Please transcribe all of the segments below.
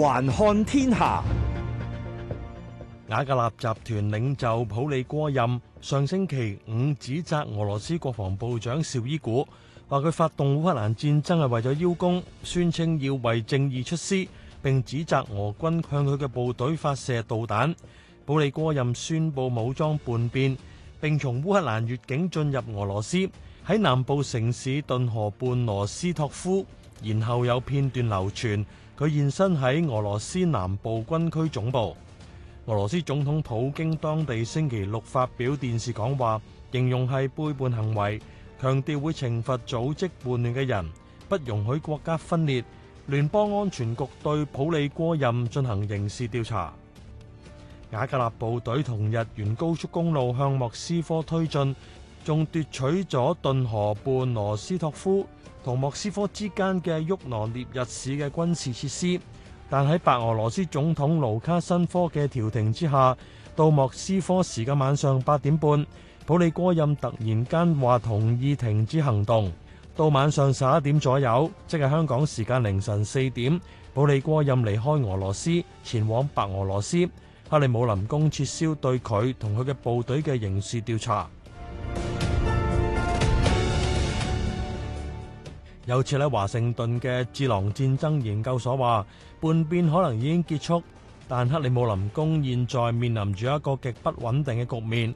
環看天下，雅格納集團領袖普利戈任上星期五指責俄羅斯國防部長紹伊古，話佢發動烏克蘭戰爭係為咗邀功，宣稱要為正義出師，並指責俄軍向佢嘅部隊發射導彈。普利戈任宣佈武裝叛變，並從烏克蘭越境進入俄羅斯，喺南部城市頓河畔羅斯托夫。然後有片段流傳。佢現身喺俄羅斯南部軍區總部。俄羅斯總統普京當地星期六發表電視講話，形容係背叛行為，強調會懲罰組織叛亂嘅人，不容許國家分裂。聯邦安全局對普利戈任進行刑事調查。瓦格納部隊同日沿高速公路向莫斯科推進。仲奪取咗頓河畔羅斯托夫同莫斯科之間嘅沃羅涅日市嘅軍事設施，但喺白俄羅斯總統盧卡申科嘅調停之下，到莫斯科時間晚上八點半，普里戈任突然間話同意停止行動。到晚上十一點左右，即係香港時間凌晨四點，普里戈任離開俄羅斯前往白俄羅斯，克里姆林宮撤銷對佢同佢嘅部隊嘅刑事調查。有次喺華盛頓嘅智囊戰爭研究所話，叛變可能已經結束，但克里姆林宮現在面臨住一個極不穩定嘅局面。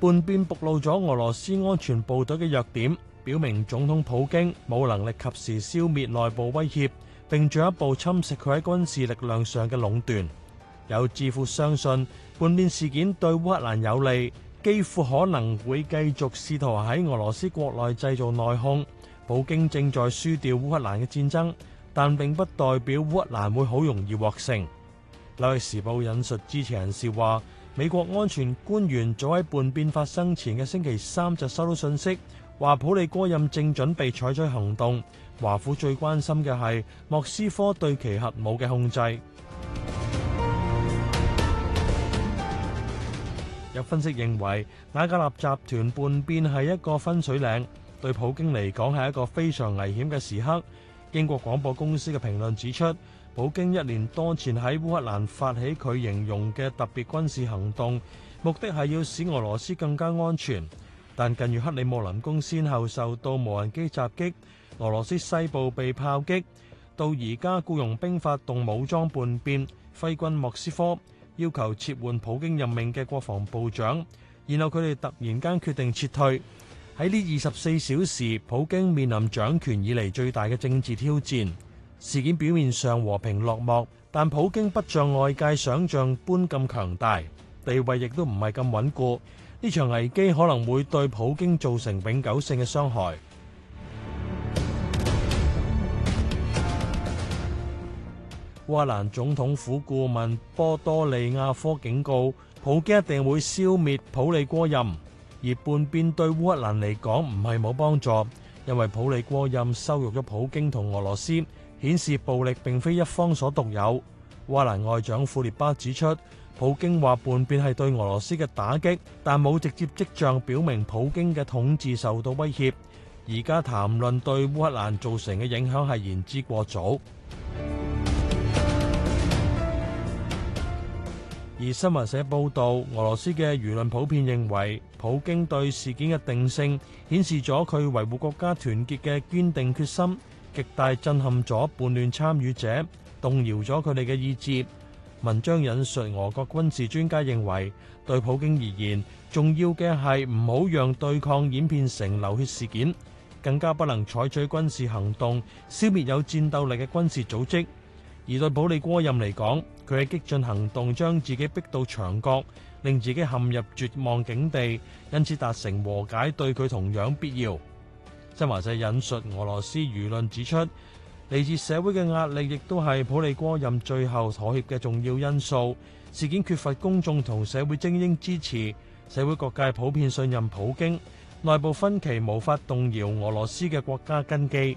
叛變暴露咗俄羅斯安全部隊嘅弱點，表明總統普京冇能力及時消滅內部威脅，並進一步侵蝕佢喺軍事力量上嘅壟斷。有智庫相信叛變事件對烏克蘭有利，幾乎可能會繼續試圖喺俄羅斯國內製造內訌。普京正在輸掉烏克蘭嘅戰爭，但並不代表烏克蘭會好容易獲勝。《紐約時報》引述知情人士話，美國安全官員早喺叛變發生前嘅星期三就收到信息，話普里戈任正準備採取行動。華府最關心嘅係莫斯科對其核武嘅控制。 有分析認為，瓦格納集團叛變係一個分水嶺。對普京嚟講係一個非常危險嘅時刻。英國廣播公司嘅評論指出，普京一年多前喺烏克蘭發起佢形容嘅特別軍事行動，目的係要使俄羅斯更加安全。但近月克里姆林宮先後受到無人機襲擊，俄羅斯西部被炮擊，到而家僱傭兵發動武裝叛變，揮軍莫斯科，要求撤換普京任命嘅國防部長，然後佢哋突然間決定撤退。喺呢二十四小時，普京面臨掌權以嚟最大嘅政治挑戰。事件表面上和平落幕，但普京不像外界想象般咁強大，地位亦都唔係咁穩固。呢場危機可能會對普京造成永久性嘅傷害。烏克蘭總統府顧問波多利亞科警告，普京一定會消滅普里戈津。而叛變對烏克蘭嚟講唔係冇幫助，因為普里戈任羞辱咗普京同俄羅斯，顯示暴力並非一方所獨有。烏克蘭外長庫列巴指出，普京話叛變係對俄羅斯嘅打擊，但冇直接跡象表明普京嘅統治受到威脅。而家談論對烏克蘭造成嘅影響係言之過早。而新聞社報道，俄羅斯嘅輿論普遍認為，普京對事件嘅定性顯示咗佢維護國家團結嘅堅定決心，極大震撼咗叛亂參與者，動搖咗佢哋嘅意志。文章引述俄國軍事專家認為，對普京而言，重要嘅係唔好讓對抗演變成流血事件，更加不能採取軍事行動，消滅有戰鬥力嘅軍事組織。而對普利戈任嚟講，佢嘅激進行動將自己逼到牆角，令自己陷入絕望境地，因此達成和解對佢同樣必要。新華社引述俄羅斯輿論指出，嚟自社會嘅壓力亦都係普利戈任最後妥協嘅重要因素。事件缺乏公眾同社會精英支持，社會各界普遍信任普京，內部分歧無法動搖俄羅斯嘅國家根基。